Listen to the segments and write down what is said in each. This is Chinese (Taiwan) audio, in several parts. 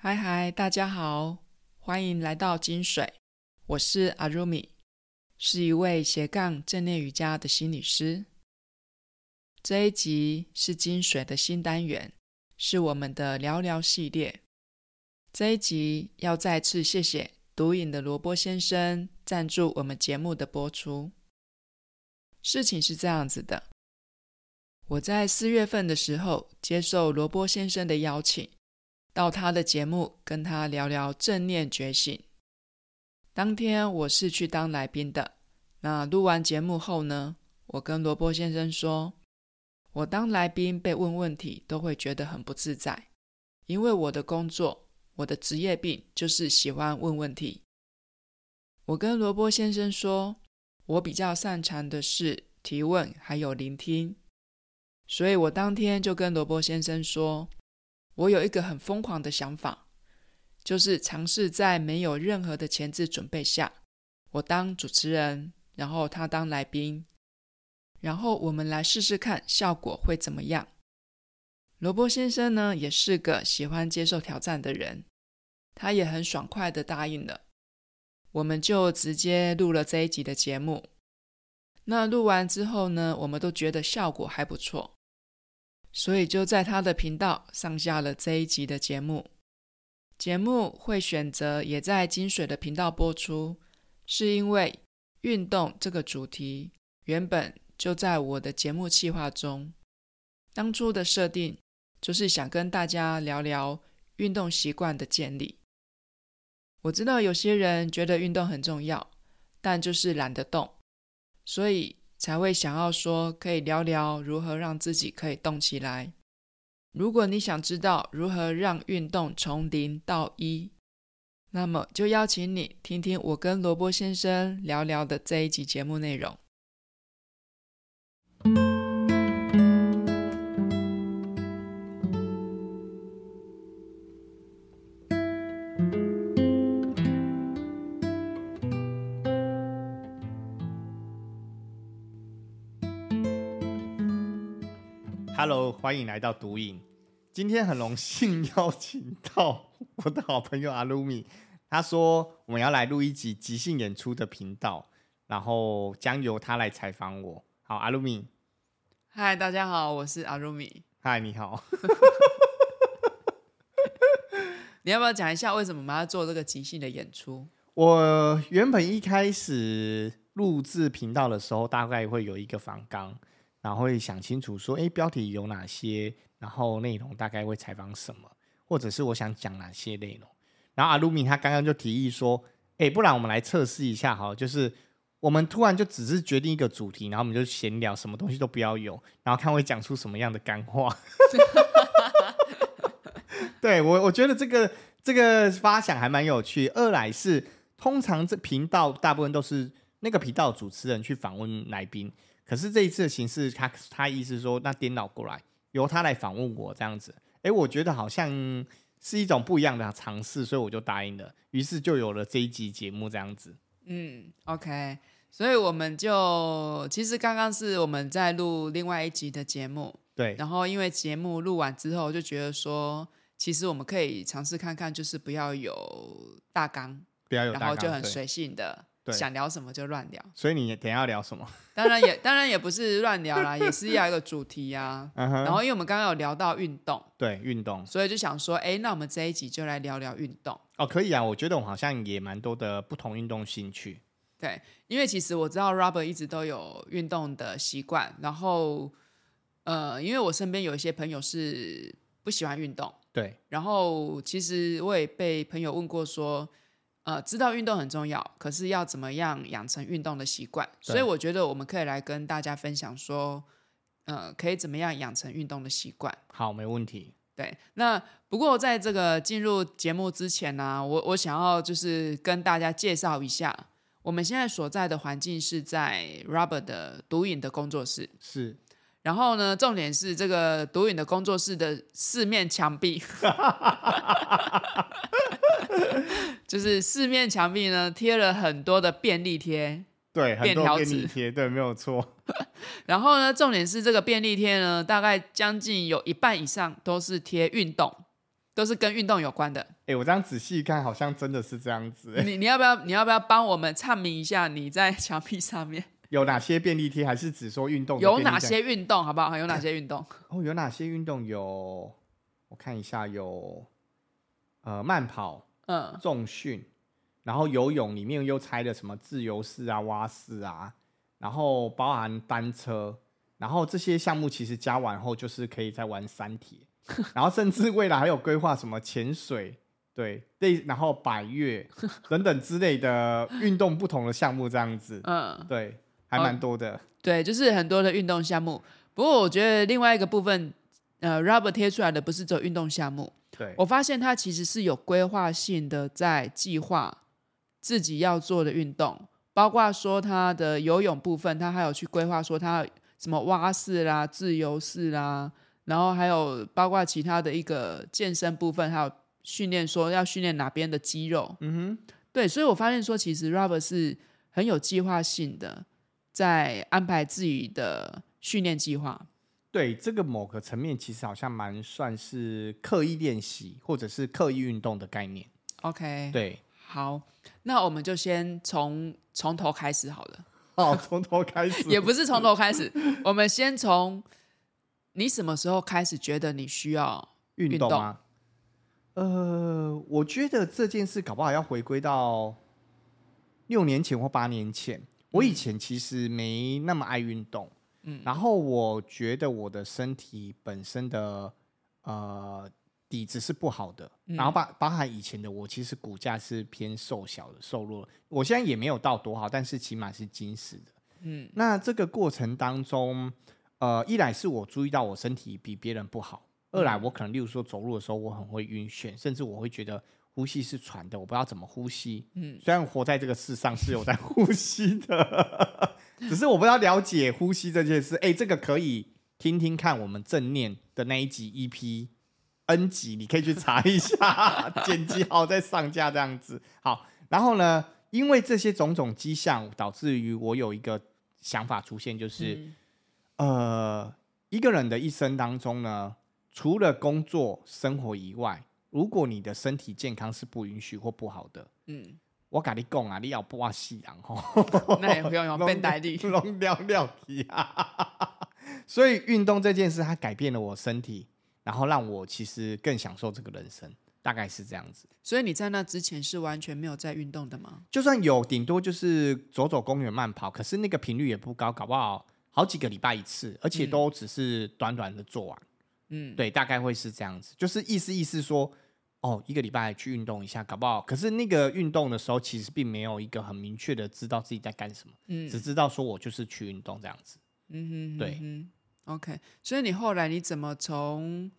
嗨嗨，hi hi, 大家好，歡迎來到金水。我是阿如米，是一位斜槓正念瑜伽的心理師。這一集是金水的新單元，是我們的聊聊系列。這一集要再次謝謝讀癮的蘿蔔先生贊助我們節目的播出。事情是這樣子的，我在四月份的時候接受蘿蔔先生的邀請。到他的節目跟他聊聊正念覺醒。當天我是去當來賓的。那錄完節目後呢，我跟蘿蔔先生說，我當來賓被問問題都會覺得很不自在，因為我的工作，我的職業病就是喜歡問問題。我跟蘿蔔先生說，我比較擅長的是提問還有聆聽，所以我當天就跟蘿蔔先生說。我有一個很瘋狂的想法，就是嘗試在沒有任何的前置準備下，我當主持人，然後他當來賓，然後我們來試試看效果會怎麼樣。蘿蔔先生呢也是個喜歡接受挑戰的人，他也很爽快的答應了。我們就直接錄了這一集的節目。那錄完之後呢，我們都覺得效果還不錯。所以就在他的頻道上下了這一集的節目。節目會選擇也在金水的頻道播出，是因為運動這個主題原本就在我的節目計劃中。當初的設定就是想跟大家聊聊運動習慣的建立。我知道有些人覺得運動很重要，但就是懶得動，所以，才會想要說，可以聊聊如何讓自己可以動起來。如果你想知道如何讓運動從零到一，那麼就邀請你聽聽我跟蘿蔔先生聊聊的這一集節目內容。Hello，歡迎來到讀癮，今天很榮幸邀請到我的好朋友阿魯米。他說我們要來錄一集即興演出的頻道，然後將由他來採訪我。好，阿魯米。嗨，大家好，我是阿魯米。嗨，你好。 你要不要講一下為什麼我們要做這個即興的演出？我原本一開始錄製頻道的時候，大概會有一個訪綱。然後會想清楚說，欸，標題有哪些？然後內容大概會採訪什麼？或者是我想講哪些內容？然後阿魯米他剛剛就提議說，欸，不然我們來測試一下，好了，就是我們突然就只是決定一個主題，然後我們就閒聊，什麼東西都不要有，然後看我會講出什麼樣的幹話。 對，我我覺得這個這個發想還蠻有趣。二來是，通常這頻道大部分都是那個頻道主持人去訪問來賓。可是這一次的形式，他他意思說，那顛倒過來，由他來訪問我這樣子，哎、欸，我覺得好像是一種不一樣的嘗試，所以我就答應了，於是就有了這一集節目這樣子。嗯，OK，所以我們就其實剛剛是我們在錄另外一集的節目，對，然後因為節目錄完之後就覺得說，其實我們可以嘗試看看，就是不要有大綱，不要有大綱，然後就很隨性的。對想聊什麼就亂聊，所以你等下要聊什麼？當然也 當然也不是亂聊啦， 也是要一個主題呀、啊。Uh huh、然後因為我們剛剛有聊到運動，對運動，所以就想說，哎，那我們這一集就來聊聊運動哦，可以啊。我覺得我好像也蠻多的不同運動興趣，對，因為其實我知道 Robert 一直都有運動的習慣，然後呃，因為我身邊有一些朋友是不喜歡運動，對，然後其實我也被朋友問過說。呃，知道運動很重要，可是要怎麼樣養成運動的習慣？對所以我覺得我們可以來跟大家分享說，呃，可以怎麼樣養成運動的習慣？好，沒問題。對，那不過在這個進入節目之前呢、啊，我我想要就是跟大家介紹一下，我們現在所在的環境是在 Robert 的讀癮的工作室，是。然後呢，重點是這個讀癮的工作室的四面牆壁。 就是四面牆壁呢，貼了很多的便利貼，對，便條紙貼，對，沒有錯。 然後呢，重點是這個便利貼呢，大概將近有一半以上都是貼運動，都是跟運動有關的。哎、欸，我這樣仔細一看，好像真的是這樣子、欸。你你要不要你要不要幫我們闡明一下，你在牆壁上面有哪些便利貼，還是只說運動？有哪些運動？好不好？有哪些運動、欸？哦，有哪些運動？有，我看一下，有，呃，慢跑。嗯，重訓，然後游泳裡面又拆了什麼自由式啊、蛙式啊，然後包含單車，然後這些項目其實加完後就是可以再玩三鐵，然後甚至未來還有規劃什麼潛水。對，對，然後百岳等等之類的運動不同的項目這樣子，嗯，對，還蠻多的，oh, 對，就是很多的運動項目。不過我覺得另外一個部分，呃 Robert 貼出來的不是只有運動項目。對我發現他其實是有規劃性的在計劃自己要做的運動，包括說他的游泳部分，他還有去規劃說他什麼蛙式啦、自由式啦，然後還有包括其他的一個健身部分，還有訓練說要訓練哪邊的肌肉。嗯哼，對，所以我發現說其實 Robert 是很有計劃性的在安排自己的訓練計劃。對這個某個層面，其實好像蠻算是刻意練習或者是刻意運動的概念。OK，對，好，那我們就先從從頭開始好了。好、哦，從頭開始 也不是從頭開始， 我們先從你什麼時候開始覺得你需要運動，運動嗎？呃，我覺得這件事搞不好要回歸到六年前或八年前。我以前其實沒那麼愛運動。嗯嗯、然後我覺得我的身體本身的呃底子是不好的，嗯、然後包含以前的我其實骨架是偏瘦小的，瘦弱的。我現在也沒有到多好，但是起碼是精實的。嗯，那這個過程當中，呃，一來是我注意到我身體比別人不好，二來我可能例如說走路的時候我很會暈眩，甚至我會覺得呼吸是喘的，我不知道怎麼呼吸。嗯，雖然活在這個世上是有在呼吸的。嗯 只是我不知道了解呼吸這件事，哎，這個可以聽聽看我們正念的那一集 EP N 集，你可以去查一下， 剪輯好再上架這樣子。好，然後呢，因為這些種種跡象，導致於我有一個想法出現，就是，嗯、呃，一個人的一生當中呢，除了工作生活以外，如果你的身體健康是不允許或不好的，嗯。我跟你講啊，你要不怕夕陽吼，那也不用用笨蛋力，龍尿尿皮啊！了了了 所以運動這件事，它改變了我身體，然後讓我其實更享受這個人生，大概是這樣子。所以你在那之前是完全沒有在運動的嗎？就算有，頂多就是走走公園慢跑，可是那個頻率也不高，搞不好好幾個禮拜一次，而且都只是短短的做完。嗯，對，大概會是這樣子，就是意思意思說。哦，oh, 一個禮拜去運動一下，搞不好。可是那個運動的時候，其實並沒有一個很明確的知道自己在幹什麼，嗯，只知道說我就是去運動這樣子。嗯哼，對，OK。所以你後來你怎麼從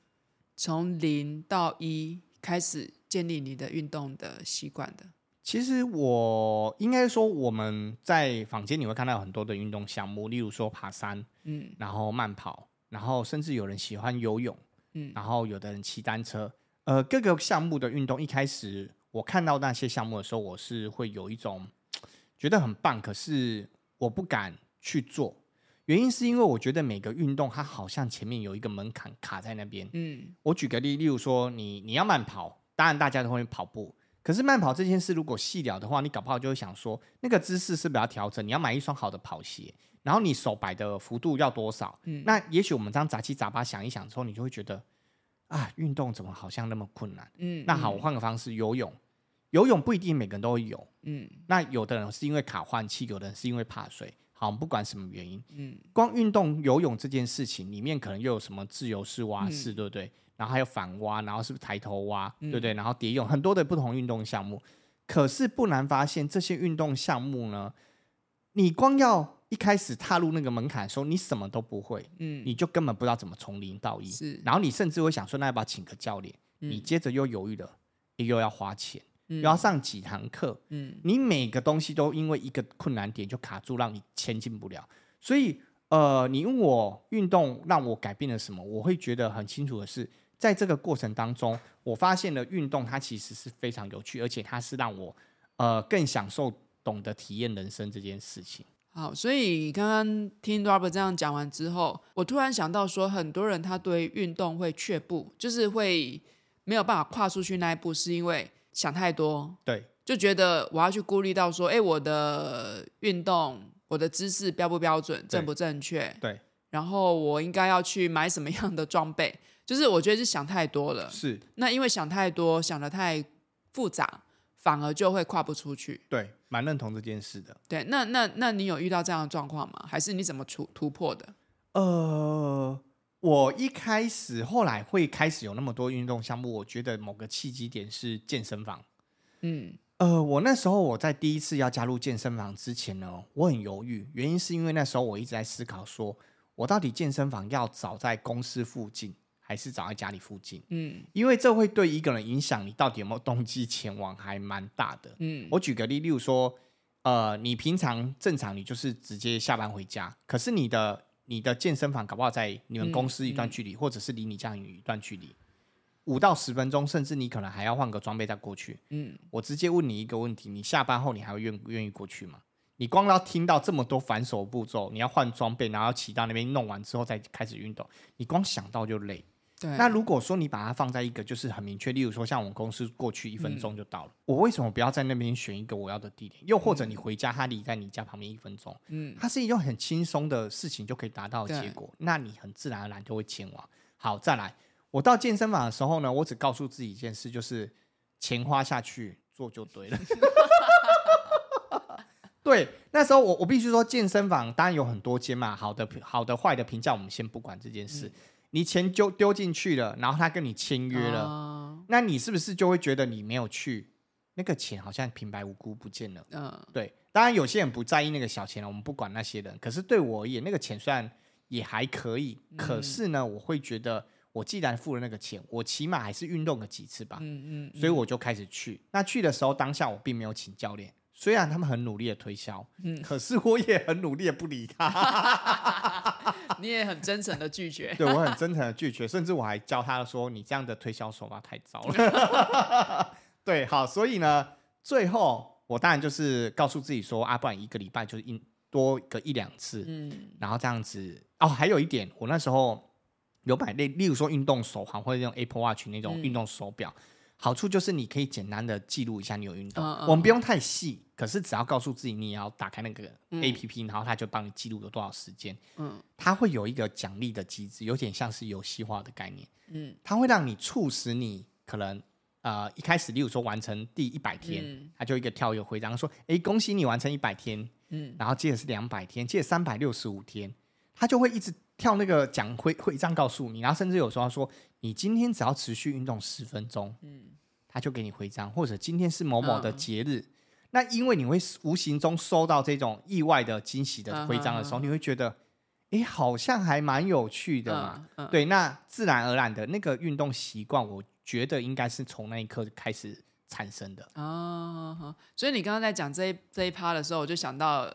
從零到一開始建立你的運動的習慣的？其實我應該說，我們在坊間你會看到很多的運動項目，例如說爬山，嗯，然後慢跑，然後甚至有人喜歡游泳，嗯，然後有的人騎單車。呃，各個項目的運動一開始，我看到那些項目的時候，我是會有一種覺得很棒，可是我不敢去做。原因是因為我覺得每個運動它好像前面有一個門檻卡在那邊。嗯，我舉個例，例如說你你要慢跑，當然大家都會跑步，可是慢跑這件事如果細聊的話，你搞不好就會想說，那個姿勢是不是要調整？你要買一雙好的跑鞋，然後你手擺的幅度要多少？嗯，那也許我們這樣雜七雜八想一想之後，你就會覺得。啊，運動怎麼好像那麼困難？嗯，那好，我換個方式，游泳、嗯。游泳不一定每個人都會游，嗯，那有的人是因為卡換氣，有的人是因為怕水。好，不管什麼原因，嗯，光運動游泳這件事情裡面，可能又有什麼自由式、蛙式，嗯、對不對？然後還有反蛙，然後是不是抬頭蛙，嗯、對不對？然後蝶泳，很多的不同運動項目。可是不難發現，這些運動項目呢，你光要。一開始踏入那個門檻的時候，你什麼都不會，嗯，你就根本不知道怎麼從零到一是。然後你甚至會想說，那要不要請個教練，嗯，你接着又猶豫了，你又要花錢，嗯，又要上幾堂課，嗯，你每個東西都因為一個困難點就卡住，讓你前進不了。所以，呃，你問我運動讓我改變了什麼，我會覺得很清楚的是，在這個過程當中，我發現了運動它其實是非常有趣，而且它是讓我呃更享受、懂得體驗人生這件事情。好，所以剛剛聽 Robert 這樣講完之後，我突然想到說，很多人他對運動會卻步，就是會沒有辦法跨出去那一步，是因為想太多。對，就覺得我要去顧慮到說，哎，我的運動，我的姿勢標不標準，正不正確？對。對。然後我應該要去買什麼樣的裝備？就是我覺得是想太多了。是。那因為想太多，想得太複雜。反而就會跨不出去。對，蠻認同這件事的。對，那那那你有遇到這樣的狀況嗎還是你怎麼出突、突破的？呃，我一開始後來會開始有那麼多運動項目，我覺得某個契機點是健身房。嗯，呃，我那時候我在第一次要加入健身房之前呢，我很猶豫，原因是因為那時候我一直在思考說，說我到底健身房要找在公司附近。還是找在家裡附近，嗯，因為這會對一個人影響，你到底有沒有動機前往，還蠻大的。嗯，我舉個例，例如說，呃，你平常正常，你就是直接下班回家，可是你的你的健身房搞不好在你們公司一段距離，嗯嗯，或者是離你家有一段距離，五到十分鐘，甚至你可能還要換個裝備再過去。嗯，我直接問你一個問題，你下班後，你還會願願意過去嗎？你光要聽到這麼多繁瑣步驟，你要換裝備，然後騎到那邊弄完之後再開始運動，你光想到就累。啊、那如果說你把它放在一個就是很明確，例如說像我們公司過去一分鐘就到了，嗯、我為什麼不要在那邊選一個我要的地點？又或者你回家，他離在你家旁邊一分鐘，嗯，它是一種很輕鬆的事情就可以達到的結果，對那你很自然而然就會前往。好，再來，我到健身房的時候呢，我只告訴自己一件事，就是錢花下去做就對了。 對，那時候我我必須說健身房當然有很多間嘛，好的好的壞的評價我們先不管這件事。嗯你錢就丟進去了，然後他跟你簽約了，uh、那你是不是就會覺得你沒有去，那個錢好像平白無故不見了？Uh、對。當然有些人不在意那個小錢了，我們不管那些人。可是對我而言，那個錢雖然也還可以，可是呢，我會覺得我既然付了那個錢，我起碼還是運動了幾次吧。嗯嗯、uh，所以我就開始去。那去的時候，當下我並沒有請教練。雖然他們很努力的推銷，嗯，可是我也很努力的不理他， 你也很真誠的拒絕， 對，我很真誠的拒絕，甚至我還教他說：“你這樣的推銷手法太糟了。 ” 對，好，所以呢，最後我當然就是告訴自己說：“啊，不然一個禮拜就是一多個一兩次，嗯，然後這樣子。”哦，還有一點，我那時候有買那，例如說運動手環或者用 Apple Watch 那種運動手表，嗯、好處就是你可以簡單的記錄一下你有運動，哦、我們不用太細。可是只要告訴自己，你也要打開那個 A P P，然後他就幫你記錄了多少時間。嗯，他會有一個獎勵的機制，有點像是遊戲化的概念。嗯，它會讓你促使你可能呃一開始，例如說完成第一百天，它、嗯、就一個跳躍徽章，說哎恭喜你完成一百天。嗯、然後接着是兩百天，接着三百六十五天，他就會一直跳那個獎徽徽章告訴你，然後甚至有時候說你今天只要持續運動十分鐘，嗯、他就給你徽章，或者今天是某某的節日。嗯那因為你會無形中收到這種意外的驚喜的徽章的時候，uh huh, uh huh. 你會覺得，哎，好像還蠻有趣的嘛。Uh huh. 對，那自然而然的那個運動習慣，我覺得應該是從那一刻開始產生的。哦，uh huh. 所以你剛剛在講這一這一趴的時候，我就想到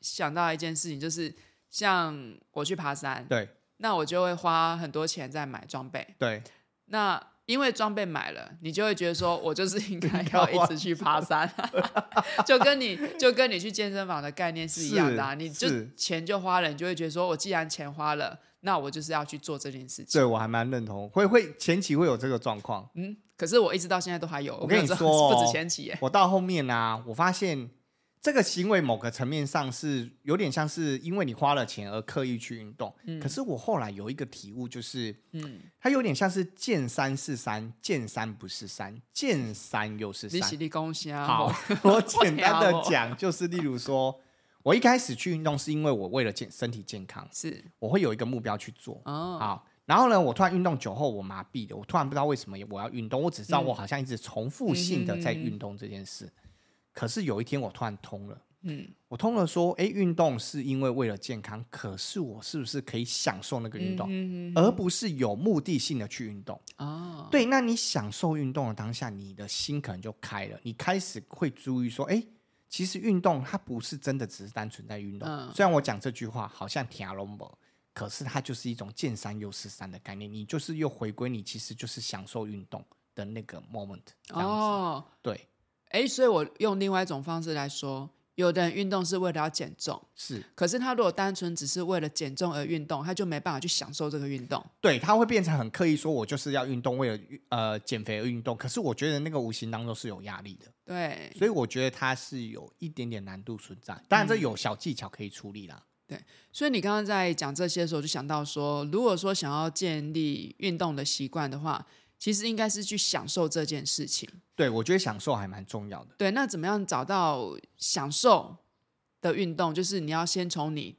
想到一件事情，就是像我去爬山，對，那我就會花很多錢在買裝備，對，那。因為裝備買了，你就會覺得說，我就是應該要一直去爬山， 就跟你就跟你去健身房的概念是一樣的，啊。是是，你就錢就花了，你就會覺得說，我既然錢花了，那我就是要去做這件事情。所以我還蠻認同，會會前期會有這個狀況。嗯，可是我一直到現在都還有。我跟你說，哦，不止前期，欸，我到後面呢，啊，我發現。這個行為某個層面上是有點像是因為你花了錢而刻意去運動，嗯、可是我後來有一個體悟，就是，嗯、它有點像是見山是山，見山不是山，見山又是山。你是你好， 我簡單的講，就是例如說，我，我，我一開始去運動是因為我為了身體健康，是，我會有一個目標去做，哦，好，然後呢，我突然運動久後，我麻痹了，我突然不知道為什麼我要運動，我只知道我好像一直重複性的在運動這件事。嗯嗯可是有一天我突然通了，嗯，我通了，說，哎、欸，運動是因為為了健康，可是我是不是可以享受那個運動，嗯哼嗯哼而不是有目的性的去運動？哦，對，那你享受運動的當下，你的心可能就開了，你開始會注意說，哎、欸，其實運動它不是真的只是單純在運動。嗯、雖然我講這句話好像挺阿龍，可是它就是一種見山又是山的概念，你就是又回歸你其實就是享受運動的那個 moment，這樣子，哦、對。哎，所以我用另外一種方式來說，有的人運動是為了要減重，是。可是他如果單純只是為了減重而運動，他就沒辦法去享受這個運動。對，他會變成很刻意說，我就是要運動，為了呃減肥而運動。可是我覺得那個無形當中是有壓力的。對。所以我覺得它是有一點點難度存在，當然這有小技巧可以處理啦。嗯。對，所以你剛剛在講這些的時候，就想到說，如果說想要建立運動的習慣的話。其實應該是去享受這件事情。對，我覺得享受還蠻重要的。對，那怎麼樣找到享受的運動？就是你要先從你，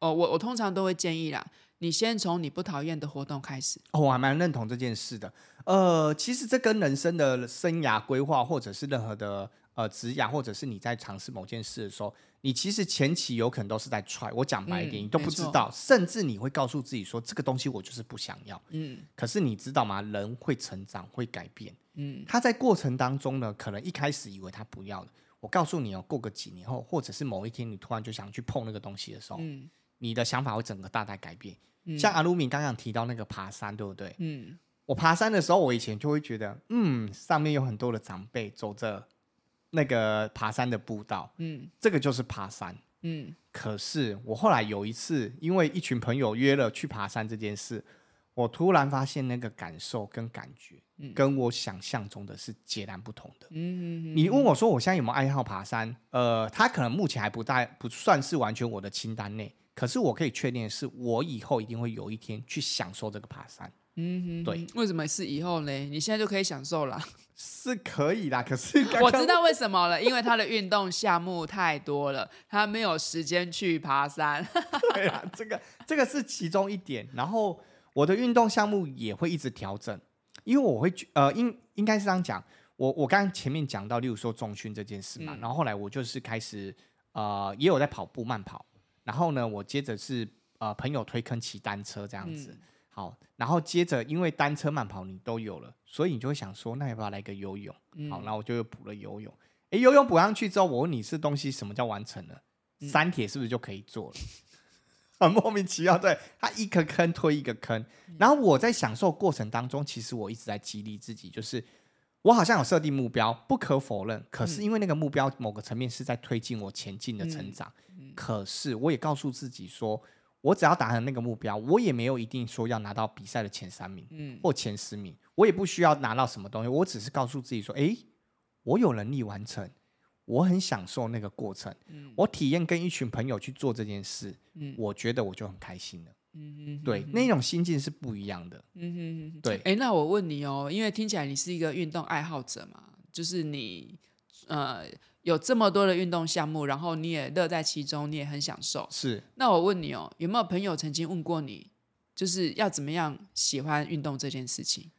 哦，我我通常都會建議啦，你先從你不討厭的活動開始。哦，我還蠻認同這件事的。呃，其實這跟人生的生涯規劃，或者是任何的呃職涯，或者是你在嘗試某件事的時候。你其實前期有可能都是在踹，我講白一點，嗯、你都不知道，沒錯。甚至你會告訴自己說，這個東西我就是不想要。嗯，可是你知道嗎？人會成長，會改變。嗯，他在過程當中呢，可能一開始以為他不要了。我告訴你哦，過個幾年後，或者是某一天，你突然就想去碰那個東西的時候，嗯、你的想法會整個大大改變。嗯、像阿魯明剛剛提到那個爬山，對不對？嗯，我爬山的時候，我以前就會覺得，嗯，上面有很多的長輩走着。那個爬山的步道，嗯，這個就是爬山，嗯。可是我後來有一次，因為一群朋友約了去爬山這件事，我突然發現那個感受跟感覺，跟我想象中的是截然不同的。嗯，你問我說我現在有沒有愛好爬山？呃，他可能目前還不在，不算是完全我的清單內。可是我可以確定的是，我以後一定會有一天去享受這個爬山。嗯哼，哼，對，為什麼是以後呢？你現在就可以享受啦，啊，是可以啦，可是剛剛我，我知道為什麼了， 因為他的運動項目太多了，他沒有時間去爬山。 對啊，這個這個是其中一點。然後我的運動項目也會一直調整，因為我會呃，應應該是這樣講。我我剛剛前面講到，例如說重訓這件事嘛，嗯、然後後來我就是開始呃，也有在跑步慢跑，然後呢，我接着是呃，朋友推坑騎單車這樣子。嗯好，然後接着，因為單車慢跑你都有了，所以你就會想說，那要不要來個游泳？嗯、好，那我就又補了游泳。誒，游泳補上去之後，我問你是東西什麼叫完成了？三鐵是不是就可以做了？嗯、很莫名其妙，對，他一個坑推一個坑。嗯、然後我在享受過程當中，其實我一直在激勵自己，就是我好像有設定目標，不可否認。可是因為那個目標某個層面是在推進我前進的成長，嗯嗯、可是我也告訴自己說，我只要達成那個目標，我也沒有一定說要拿到比賽的前三名，嗯，或前十名，我也不需要拿到什麼東西，我只是告訴自己說，欸，我有能力完成，我很享受那個過程，嗯，我體驗跟一群朋友去做這件事，嗯，我覺得我就很開心了，嗯哼哼哼哼，對，那種心境是不一樣的，嗯哼哼哼，對，欸，那我問你哦，因為聽起來你是一個運動愛好者嘛，就是你。呃，有這麼多的運動項目，然後你也樂在其中，你也很享受。是。那我問你哦，有沒有朋友曾經問過你，就是要怎麼樣喜歡運動這件事情？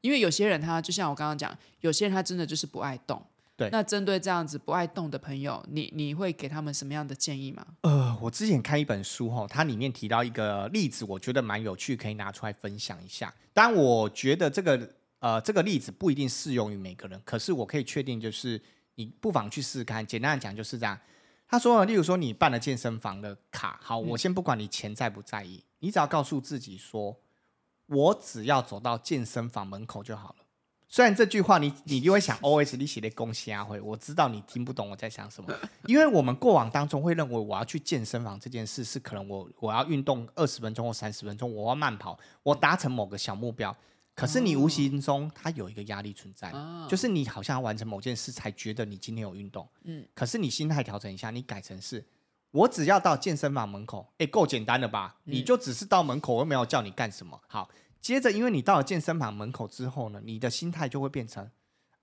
因為有些人他就像我剛剛講，有些人他真的就是不愛動。對。那針對這樣子不愛動的朋友，你你會給他們什麼樣的建議嗎？呃，我之前看一本書吼，它裡面提到一個例子，我覺得蠻有趣，可以拿出來分享一下。但我覺得這個呃，這個例子不一定適用於每個人，可是我可以確定就是。你不妨去試試看。簡單的講就是這樣，他說，例如說你辦了健身房的卡，好，我先不管你錢在不在意，嗯、你只要告訴自己說，我只要走到健身房門口就好了。雖然這句話你，你你就會想，O S, OS, 你寫的恭喜阿輝，我知道你聽不懂我在想什麼， 因為我們過往當中會認為我要去健身房這件事是可能我我要運動二十分鐘或三十分鐘，我要慢跑，我達成某個小目標。可是你無形中，它有一個壓力存在，就是你好像要完成某件事才覺得你今天有運動。可是你心態調整一下，你改成是，我只要到健身房門口，哎，夠簡單了吧？你就只是到門口，我又沒有叫你幹什麼。好，接着因為你到了健身房門口之後呢，你的心態就會變成，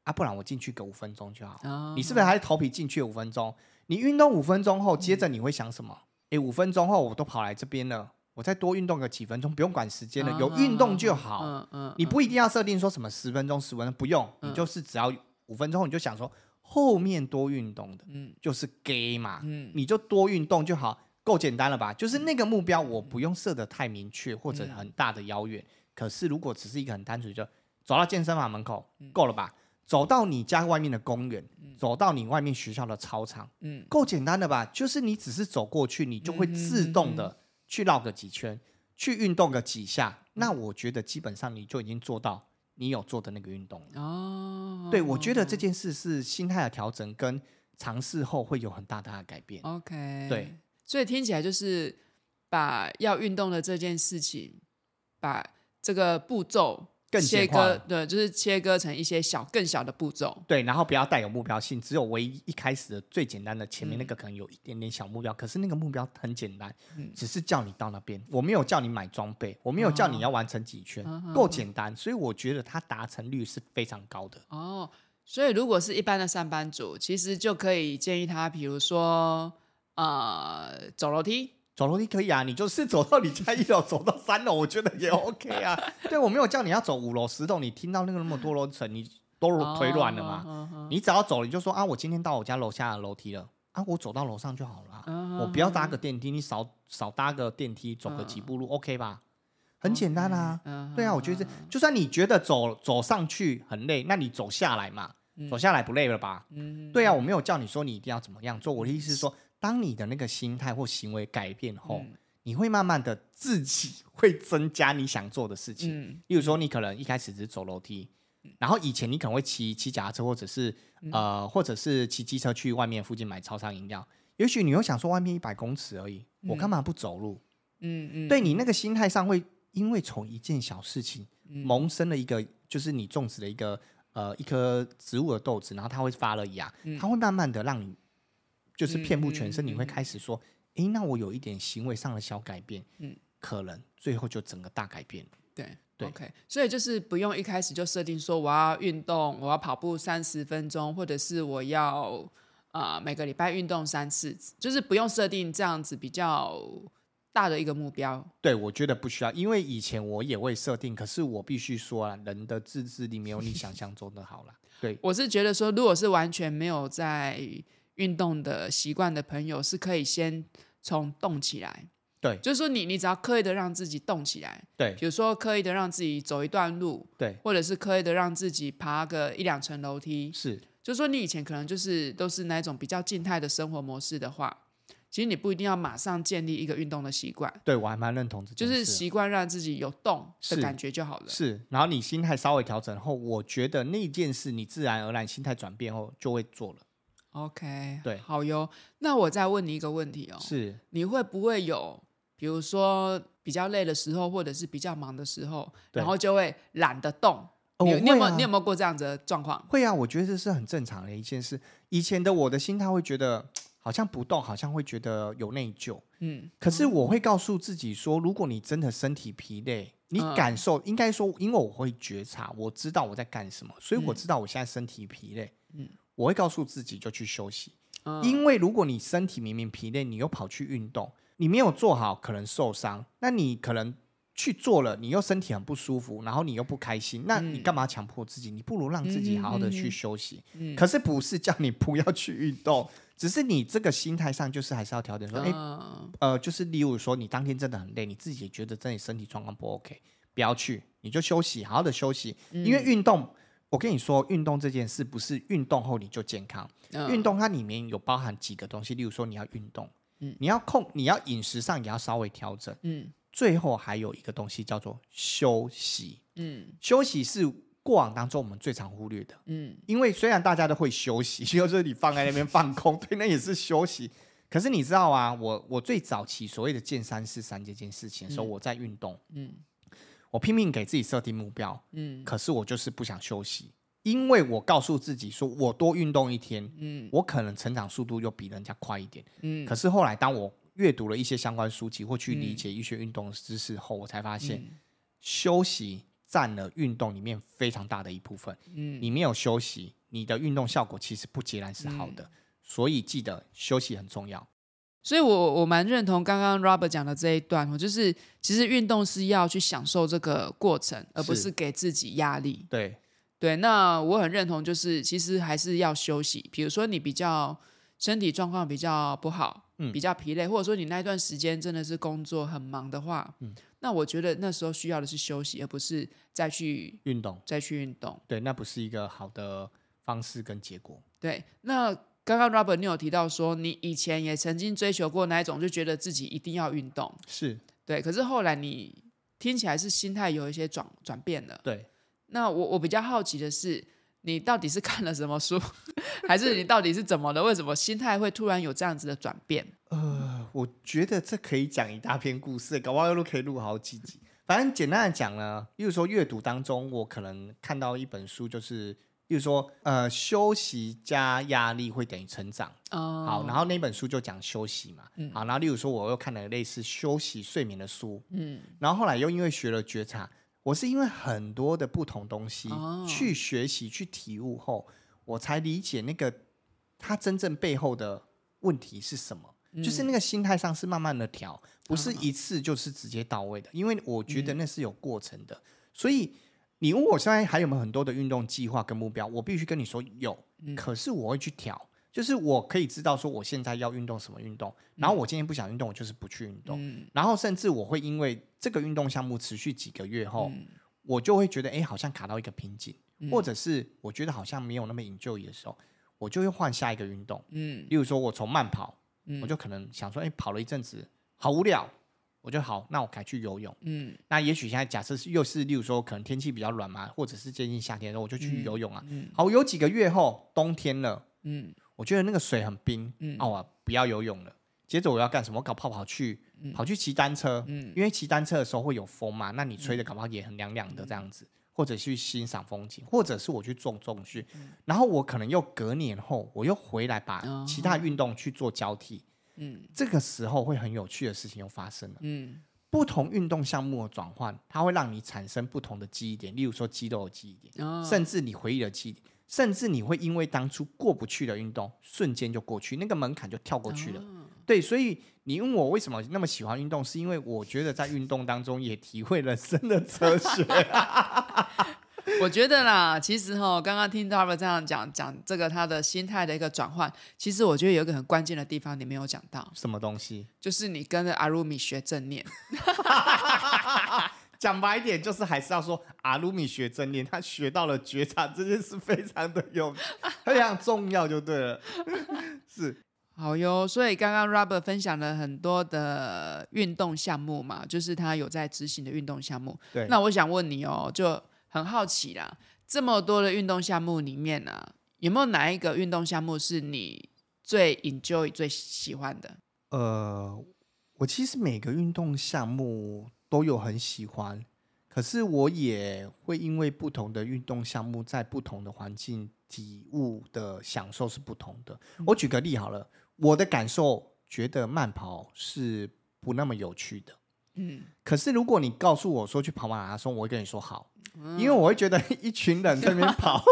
啊，不然我進去個五分鐘就好。你是不是還是頭皮進去五分鐘？你運動五分鐘後，接着你會想什麼？哎，五分鐘後我都跑來這邊了。我再多運動個幾分鐘，不用管時間了，有運動就好。啊啊啊、你不一定要設定說什麼十分鐘，啊啊，十分鐘，啊，不用，你就是只要五分鐘後，你就想說後面多運動的，嗯，就是給嘛，嗯，你就多運動就好，夠簡單了吧？就是那個目標，我不用設得太明確或者很大的遙遠。嗯，可是如果只是一個很單純，就走到健身房門口夠了吧？走到你家外面的公園，走到你外面學校的操場，嗯，夠簡單的吧？就是你只是走過去，你就會自動的、嗯。嗯嗯嗯去繞個幾圈，去運動個幾下，那我覺得基本上你就已經做到你有做的那個運動了。哦，對，哦，我覺得這件事是心態的調整跟嘗試後會有很大大的改變。OK，對，所以聽起來就是把要運動的這件事情，把這個步驟。更切割對，就是切割成一些小更小的步驟。對，然後不要帶有目標性，只有唯一一開始的最簡單的前面那個可能有一點點小目標，嗯、可是那個目標很簡單，嗯、只是叫你到那邊，我沒有叫你買裝備，我沒有叫你要完成幾圈，哦、夠簡單，所以我覺得它達成率是非常高的。哦，所以如果是一般的上班族，其實就可以建議他，比如說呃，走樓梯。走樓梯可以啊，你就是走到你家一樓， 走到三樓，我覺得也 OK 啊。對，我沒有叫你要走五樓、十樓，你聽到那個那麼多樓層，你都腿軟了嘛？Oh, oh, oh, oh, oh. 你只要走，你就說啊，我今天到我家樓下的樓梯了啊，我走到樓上就好了，啊，oh, oh, oh. 我不要搭個電梯，你少少搭個電梯，走個幾步路，oh,OK 吧？Okay. 很簡單啊，oh, oh, oh. 對啊，我覺得就算你覺得走走上去很累，那你走下來嘛，走下來不累了吧？嗯、對啊，我沒有叫你說你一定要怎麼樣做，我的意思是說。當你的那個心態或行為改變後，嗯、你會慢慢的自己會增加你想做的事情。嗯、例如說，你可能一開始是走樓梯，嗯、然後以前你可能會騎騎腳踏車，或者是、嗯、呃，或者是騎機車去外面附近買超商飲料。也許你會想說，外面一百公尺而已，嗯、我幹嘛不走路？嗯嗯，嗯對你那個心態上會因為從一件小事情，嗯、萌生了一個就是你種植了一個呃一顆植物的豆子，然後它會發了芽，嗯、它會慢慢的讓你。就是遍佈全身，你會開始說，哎、嗯嗯嗯，那我有一點行為上的小改變，嗯，可能最後就整個大改變。對對，OK，所以就是不用一開始就設定說我要運動，我要跑步三十分鐘，或者是我要啊、呃、每個禮拜運動三次，就是不用設定這樣子比較大的一個目標。對，我覺得不需要，因為以前我也會設定，可是我必須說啊，人的自制力沒有你想象中的好啦。 對，我是覺得說，如果是完全沒有在。運動的習慣的朋友是可以先從動起來，對，就是說你你只要刻意的讓自己動起來，對，比如說刻意的讓自己走一段路，對，或者是刻意的讓自己爬個一兩層樓梯，是，就是說你以前可能就是都是那種比較靜態的生活模式的話，其實你不一定要馬上建立一個運動的習慣，對，我還蠻認同，就是習慣讓自己有動的感覺就好了，是，是，然後你心態稍微調整後，我覺得那件事你自然而然心態轉變後就會做了。OK，對，好喲。那我再問你一個問題哦，是你會不會有，比如說比較累的時候，或者是比較忙的時候，對然後就會懶得動？哦、你有沒有、啊、你有沒有過這樣子的狀況？會啊，我覺得這是很正常的一件事。以前的我的心態會覺得，好像不動，好像會覺得有內疚。嗯，可是我會告訴自己說，如果你真的身體疲累，你感受、嗯、應該說，因為我會覺察，我知道我在幹什麼，所以我知道我現在身體疲累。嗯。嗯我會告訴自己就去休息，因為如果你身體明明疲累，你又跑去運動，你沒有做好，可能受傷。那你可能去做了，你又身體很不舒服，然後你又不開心，那你幹嘛強迫自己？你不如讓自己好好的去休息。嗯嗯嗯、可是不是叫你不要去運動，只是你這個心態上就是還是要調整。說，哎、嗯，呃，就是例如說，你當天真的很累，你自己覺得自己身體狀況不 OK，不要去，你就休息，好好的休息，因為運動。嗯我跟你說，運動這件事不是運動後你就健康。嗯、運動它裡面有包含幾個東西，例如說你要運動，嗯、你要控，你要飲食上也要稍微調整，嗯、最後還有一個東西叫做休息，嗯，休息是過往當中我們最常忽略的，嗯，因為雖然大家都會休息，休息，就是你放在那邊放空， 對，那也是休息，可是你知道啊，我我最早期所謂的見山是山這件事情，所以我在運動，嗯。嗯我拼命給自己設定目標，嗯，可是我就是不想休息，因為我告訴自己說，我多運動一天，嗯，我可能成長速度又比人家快一點，嗯。可是後來，當我閱讀了一些相關書籍或去理解一些運動知識後，我才發現，嗯，休息占了運動裡面非常大的一部分。嗯，你沒有休息，你的運動效果其實不截然是好的，嗯，所以記得休息很重要。所以我，我我蠻認同剛剛 Robert 講的這一段，我就是其實運動是要去享受這個過程，而不是給自己壓力。對對，那我很認同，就是其實還是要休息。比如說你比較身體狀況比較不好，嗯，比較疲累，或者說你那段時間真的是工作很忙的話，嗯，那我覺得那時候需要的是休息，而不是再去運動，再去運動。對，那不是一個好的方式跟結果。對，那。剛剛 Robert 你有提到說，你以前也曾經追求過那一種，就覺得自己一定要運動，是對。可是後來你聽起來是心態有一些轉轉變了，對。那我我比較好奇的是，你到底是看了什麼書，還是你到底是怎麼的？ 為什麼心態會突然有這樣子的轉變？呃，我覺得這可以講一大篇故事，搞不好都可以錄好幾集。反正簡單的講呢，比如說閱讀當中，我可能看到一本書就是。例如說，呃，休息加壓力會等於成長。Oh. 好，然後那本書就講休息嘛。嗯、好，然後例如說，我又看了類似休息、睡眠的書。嗯，然後後來又因為學了覺察，我是因為很多的不同東西、oh. 去學習、去體悟後，我才理解那個它真正背後的問題是什麼。嗯、就是那個心態上是慢慢的調，不是一次就是直接到位的。Oh. 因為我覺得那是有過程的，嗯、所以。你問我現在還有沒有很多的運動計劃跟目標，我必須跟你說有。可是我會去挑，就是我可以知道說我現在要運動什麼運動，然後我今天不想運動，我就是不去運動。嗯、然後甚至我會因為這個運動項目持續幾個月後，嗯、我就會覺得誒好像卡到一個瓶頸，或者是我覺得好像沒有那麼 enjoy 的時候，我就會換下一個運動。例如說我從慢跑，嗯、我就可能想說，哎，跑了一陣子，好無聊。我就好，那我改去游泳。嗯，那也許現在假設是又是，例如說可能天氣比較暖嘛，或者是接近夏天的時候，我就去游泳啊。嗯嗯、好，我有幾個月後，冬天了。嗯，我覺得那個水很冰。嗯，哦、啊，不要游泳了。接着我要幹什麼？搞泡泡去，嗯、跑去騎單車。嗯，因為騎單車的時候會有風嘛，那你吹的搞不好也很涼涼的這樣子。嗯、或者去欣賞風景，或者是我去種種樹。嗯、然後我可能又隔年後，我又回來把其他運動去做交替。哦嗯嗯，這個時候會很有趣的事情又發生了。嗯，不同運動項目的轉換，它會讓你產生不同的記憶點，例如說肌肉的記憶點，甚至你回憶的記憶點，甚至你會因為當初過不去的運動，瞬間就過去，那個門檻就跳過去了。對，所以你問我為什麼那麼喜歡運動，是因為我覺得在運動當中也體會了生的哲學。 我覺得啦，其實哈，剛剛聽 Robert 這樣講講，這個他的心態的一個轉換，其實我覺得有一個很關鍵的地方你沒有講到。什麼東西？就是你跟着阿魯米學正念。講 白一點，就是還是要說 阿魯米學正念，他學到了覺察這件事非常的有 非常重要，就對了。 是好喲，所以剛剛 Robert 分享了很多的運動項目嘛，就是他有在執行的運動項目。對，那我想問你哦、喔，就。很好奇啦，這麼多的運動項目裡面呢、啊，有沒有哪一個運動項目是你最 enjoy 最喜歡的？呃，我其實每個運動項目都有很喜歡，可是我也會因為不同的運動項目在不同的環境體悟的享受是不同的。嗯、我舉個例好了，我的感受覺得慢跑是不那麼有趣的，嗯，可是如果你告訴我說去跑馬拉松，我會跟你說好。嗯、因為我會覺得一群人在那邊跑嗎，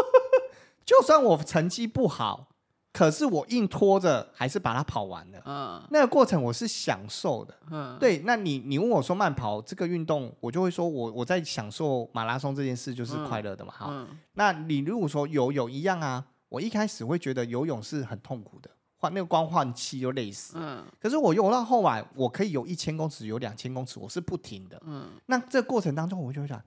就算我成績不好，可是我硬拖着還是把它跑完了。嗯、那個過程我是享受的。嗯、對。那你你問我說慢跑這個運動，我就會說我我在享受馬拉松這件事就是快樂的嘛？哈。那你如果說游泳一樣啊，我一開始會覺得游泳是很痛苦的，換那個光換氣就累死了。嗯、可是我游到後來，我可以有一千公尺、游兩千公尺，我是不停的。嗯、那這個過程當中，我就想。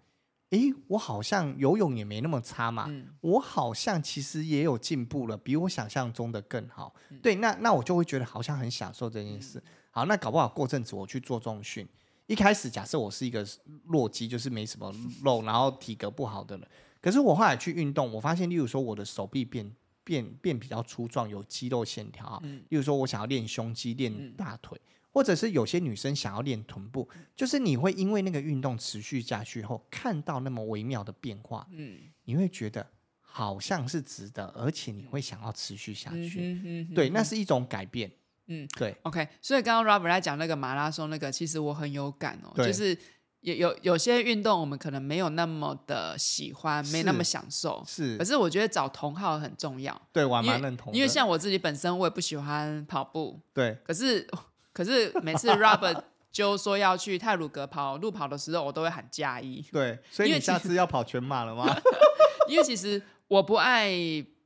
哎，我好像游泳也沒那麼差嘛，嗯、我好像其實也有進步了，比我想象中的更好。嗯、對，那那我就會覺得好像很享受這件事。嗯、好，那搞不好過陣子我去做重訓，一開始假設我是一個弱雞，就是沒什麼肉，然後體格不好的人，嗯、可是我後來去運動，我發現，例如說我的手臂變變變，變比較粗壯，有肌肉線條，嗯、例如說我想要練胸肌、練大腿。嗯或者是有些女生想要練臀部，就是你會因為那個運動持續下去後，看到那麼微妙的變化，嗯，你會覺得好像是值得，而且你會想要持續下去。嗯、哼哼哼哼對，那是一種改變。嗯，對。OK，所以剛剛 Robert 在講那個馬拉松那個，其實我很有感哦，對就是有有有些運動我們可能沒有那麼的喜歡，是沒那麼享受，是。可是我覺得找同好很重要。對，我還蠻認同。因為像我自己本身，我也不喜歡跑步。對，可是。 可是每次 Robert 就說要去太魯閣跑路跑的時候，我都會喊加一。對，所以你下次要跑全馬了嗎？因為其實我不愛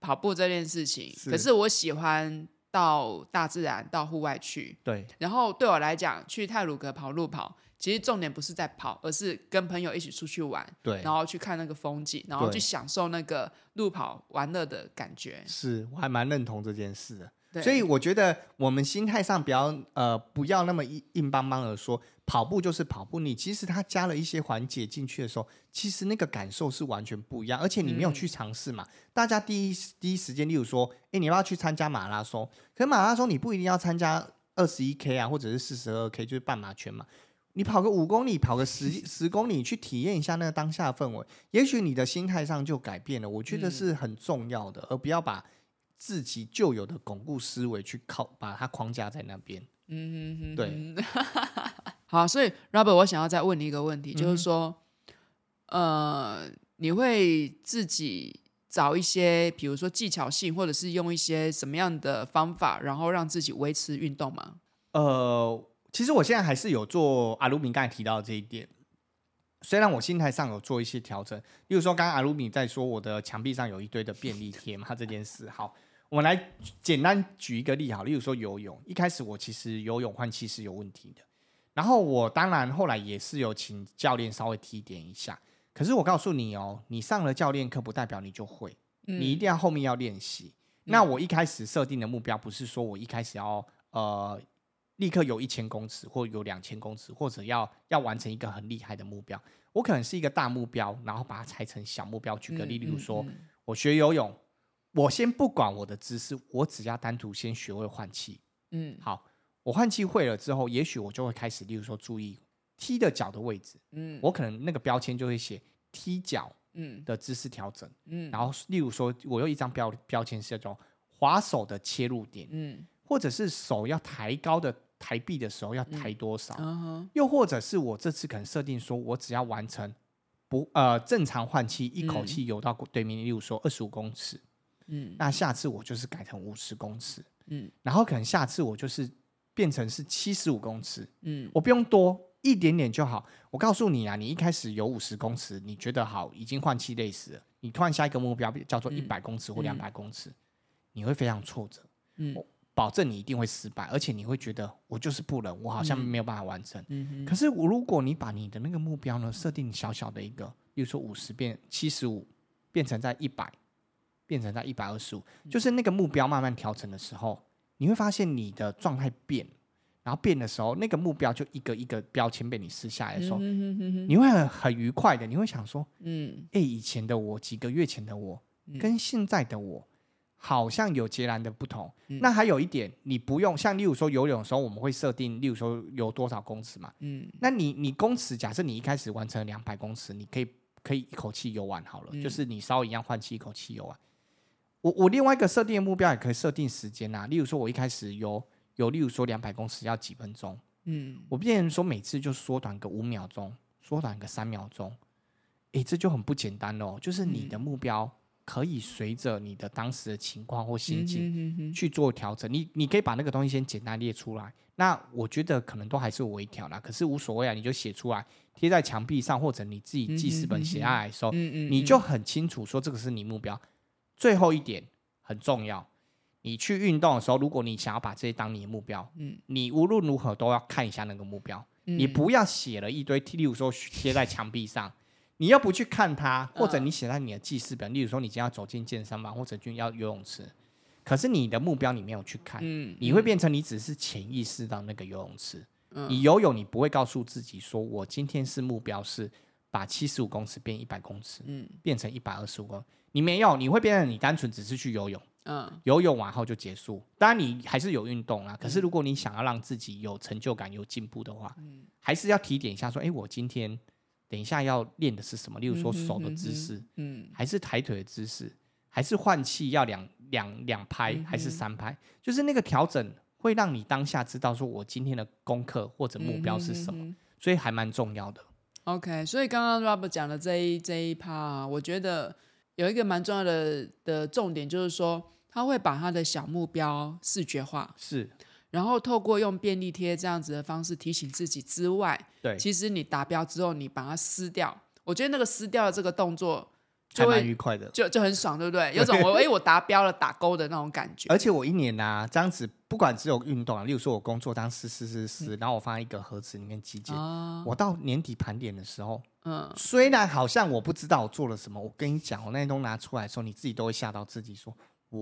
跑步這件事情，可是我喜歡到大自然、到戶外去。對。然後對我來講，去太魯閣跑路跑，其實重點不是在跑，而是跟朋友一起出去玩，然後去看那個風景，然後去享受那個路跑玩樂的感覺。 是，我還蠻認同這件事的。對所以我覺得我們心態上不要呃，不要那麼硬硬邦邦的說，跑步就是跑步，你其實它加了一些環節進去的時候，其實那個感受是完全不一樣。而且你沒有去嘗試嘛，嗯、大家第一第一時間，例如說，誒，你要不要去參加馬拉松？可是馬拉松你不一定要參加二十一 k 啊，或者是四十二 k，就是半馬圈嘛，你跑個五公里，跑個十十公里，去體驗一下那個當下的氛圍，也許你的心態上就改變了，我覺得是很重要的，嗯、而不要把。自己就有的鞏固思維去靠把它框架在那邊，嗯哼哼哼，對， 好，所以 Robert，我想要再問你一個問題，嗯、哼就是說，呃，你會自己找一些，比如說技巧性，或者是用一些什麼樣的方法，然後讓自己維持運動嗎？呃，其實我現在還是有做阿魯敏剛才提到的這一點，雖然我心態上有做一些調整，比如說剛剛阿魯敏在說我的牆壁上有一堆的便利貼嘛 這件事，好。我簡單舉一個例哈，例如說游泳，一開始我其實游泳換氣是有問題的，然後我當然後來也是有請教練稍微提點一下，可是我告訴你哦，你上了教練課不代表你就會，你一定要後面要練習。那我一開始設定的目標不是說我一開始要呃立刻游一千公尺或游兩千公尺，或者要要完成一個很厲害的目標，我可能是一個大目標，然後把它拆成小目標。舉個例，例如說我學游泳。我先不管我的姿勢，我只要單獨先學會換氣。嗯，好，我換氣會了之後，也許我就會開始，例如說注意踢的腳的位置。嗯，我可能那個標籤就會寫踢腳的姿勢調整。嗯，然後例如說，我用一張標標籤是這種滑手的切入點。嗯，或者是手要抬高的抬臂的時候要抬多少？嗯，又或者是我這次可能設定說，我只要完成不呃正常換氣一口氣游到對面，嗯，例如說二十五公尺。嗯，那下次我就是改成五十公尺，嗯，然後可能下次我就是變成是七十五公尺，嗯，我不用多一點點就好。我告訴你啊，你一開始有五十公尺，你覺得好，已經換氣累死了。你突然下一個目標叫做一百公尺或兩百公尺，嗯，嗯，你會非常挫折，嗯，我保證你一定會失敗，而且你會覺得我就是不能，我好像沒有辦法完成。嗯，可是我如果你把你的那個目標呢設定小小的一個，比如說五十變七十五，變成在一百。變成在一百二十五，就是那個目標慢慢調整的時候，你會發現你的狀態變，然後變的時候，那個目標就一個一個標籤被你撕下來的時候，嗯、哼哼哼，你會很很愉快的，你會想說，嗯，哎、欸，以前的我，幾個月前的我，跟現在的我好像有截然的不同。嗯、那還有一點，你不用像例如說游泳的時候，我們會設定，例如說游多少公尺嘛，嗯，那你你公尺，假設你一開始完成兩百公尺，你可以可以一口氣游完好了，嗯、就是你稍微一樣換氣，一口氣游完。我我另外一個設定的目標也可以設定時間啊。例如說我一開始有有例如說兩百公尺要幾分鐘，嗯，我變成說每次就縮短個五秒鐘，縮短個三秒鐘，誒，這就很不簡單嘍。就是你的目標可以隨着你的當時的情況或心情去做調整。你你可以把那個東西先簡單列出來。那我覺得可能都還是微調啦，可是無所謂啊，你就寫出來，貼在牆壁上或者你自己記事本寫下來的時候，你就很清楚說，這個是你目標。最後一點很重要，你去運動的時候，如果你想要把這些當你的目標，嗯、你無論如何都要看一下那個目標。嗯、你不要寫了一堆，例如說貼在牆壁上， 你要不去看它，或者你寫在你的計事表，呃、例如說你今天要走進健身房或者去要游泳池，可是你的目標你沒有去看，嗯、你會變成你只是潛意識到那個游泳池，嗯、你游泳你不會告訴自己說我今天是目標是。把七十五公尺變一百公尺，嗯，變成一百二十五公，你沒有，你會變成你單純只是去游泳，嗯，游泳完後就結束。當然你還是有運動啦，可是如果你想要讓自己有成就感、有進步的話，嗯，還是要提點一下說，誒、欸，我今天等一下要練的是什麼？例如說手的姿勢，嗯哼嗯哼嗯，還是抬腿的姿勢，還是換氣要兩兩兩拍還是三拍？嗯哼，就是那個調整會讓你當下知道說，我今天的功課或者目標是什麼，嗯哼嗯哼嗯，所以還蠻重要的。OK，所以剛剛 Rob 講的這一這一 part 啊，我覺得有一個蠻重要的的重點，就是說他會把他的小目標視覺化，是，然後透過用便利貼這樣子的方式提醒自己之外，對，其實你達標之後你把它撕掉，我覺得那個撕掉的這個動作。就會還蠻愉快的，就就很爽，對不對？有種對我哎，我達標了，打勾的那種感覺。而且我一年啊，這樣子不管只有運動、啊，例如說我工作當時是是是，是是是是嗯、然後我放在一個盒子裡面幾件。哦、我到年底盤點的時候，嗯，雖然好像我不知道我做了什麼，我跟你講，我那些東西拿出來的時候，你自己都會嚇到自己說：“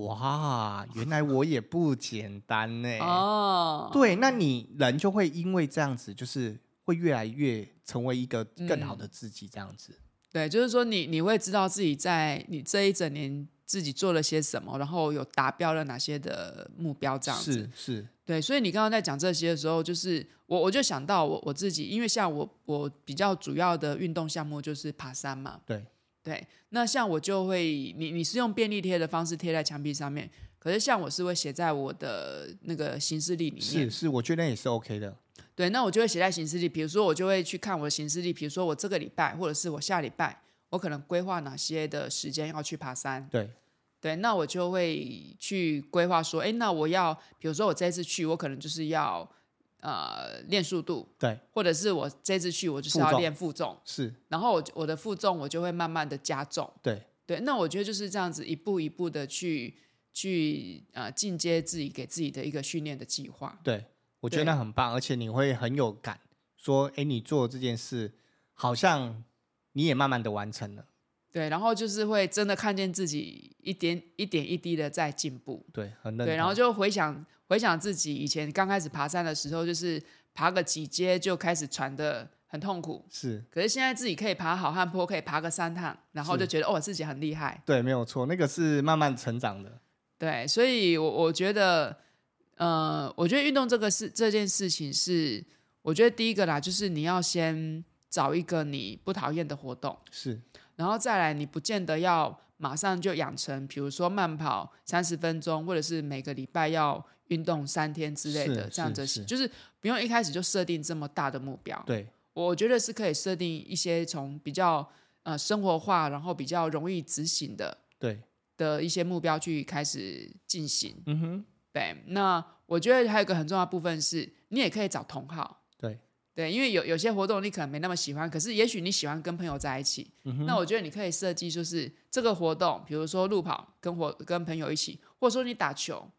哇，原來我也不簡單呢、欸。哦”對，那你人就會因為這樣子，就是會越來越成為一個更好的自己，嗯、這樣子。對，就是說你你會知道自己在你這一整年自己做了些什麼，然後有達標了哪些的目標這樣子。是是。是對，所以你剛剛在講這些的時候，就是我我就想到我我自己，因為像我我比較主要的運動項目就是爬山嘛。對對。那像我就會，你你是用便利貼的方式貼在牆壁上面，可是像我是會寫在我的那個行事曆裡面。是是，我覺得也是 OK 的。對，那我就會寫在行事曆。比如說，我就會去看我的行事曆。比如說，我這個禮拜或者是我下禮拜，我可能規劃哪些的時間要去爬山。對，對，那我就會去規劃說，哎，那我要，比如說我這次去，我可能就是要呃練速度。對，或者是我這次去，我就是要練負重。負重是，然後我我的負重我就會慢慢的加重。對，對，那我覺得就是這樣子一步一步的去去呃進階自己給自己的一個訓練的計劃。對。我覺得那很棒，對而且你會很有感，說：“哎，你做這件事，好像你也慢慢的完成了。”對，然後就是會真的看見自己一點一點一滴的在進步。對，很對，然後就回想回想自己以前剛開始爬山的時候，就是爬個幾階就開始喘得很痛苦。是，可是現在自己可以爬好漢坡，可以爬個三趟，然後就覺得是哦，我自己很厲害。對，沒有錯，那個是慢慢成長的。對，所以我我覺得。呃，我覺得運動這個事，這件事情是，我覺得第一個啦，就是你要先找一個你不討厭的活動，是，然後再來，你不見得要馬上就養成，比如說慢跑三十分鐘，或者是每個禮拜要運動三天之類的，是這樣子是就是不用一開始就設定這麼大的目標。對，我覺得是可以設定一些從比較呃生活化，然後比較容易執行的，對的一些目標去開始進行。嗯哼。對，那我覺得還有一個很重要的部分是，你也可以找同好，對對，因為有有些活動你可能沒那麼喜歡，可是也許你喜歡跟朋友在一起。嗯、哼那我覺得你可以設計，就是這個活動，比如說路跑跟活，跟夥跟朋友一起，或者說你打球，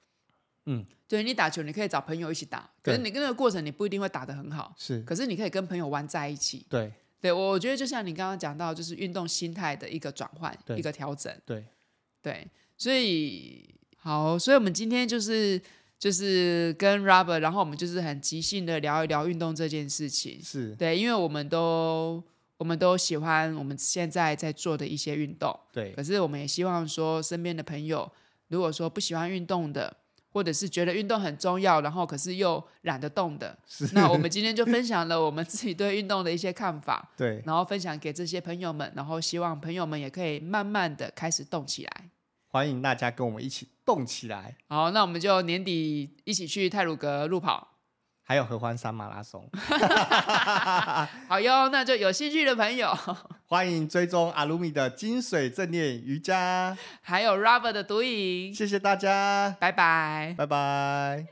嗯，對你打球，你可以找朋友一起打，可是你跟那個過程，你不一定會打得很好，是對，可是你可以跟朋友玩在一起。對，對我我覺得就像你剛剛講到，就是運動心態的一個轉換，對一個調整，對對，所以。好，所以，我們今天就是就是跟 Robert，然後我們就是很即興的聊一聊運動這件事情，是對，因為我們都我們都喜歡我們現在在做的一些運動，對，可是我們也希望說，身邊的朋友如果說不喜歡運動的，或者是覺得運動很重要，然後可是又懶得動的，是，那我們今天就分享了我們自己對運動的一些看法，對，然後分享給這些朋友們，然後希望朋友們也可以慢慢的開始動起來。歡迎大家跟我們一起動起來。好、哦，那我們就年底一起去太魯閣路跑，還有合歡山馬拉松。 好喲，那就有興趣的朋友，歡迎追蹤阿魯米的金水正念瑜伽，還有 Robert 的讀癮。謝謝大家，拜拜，拜拜。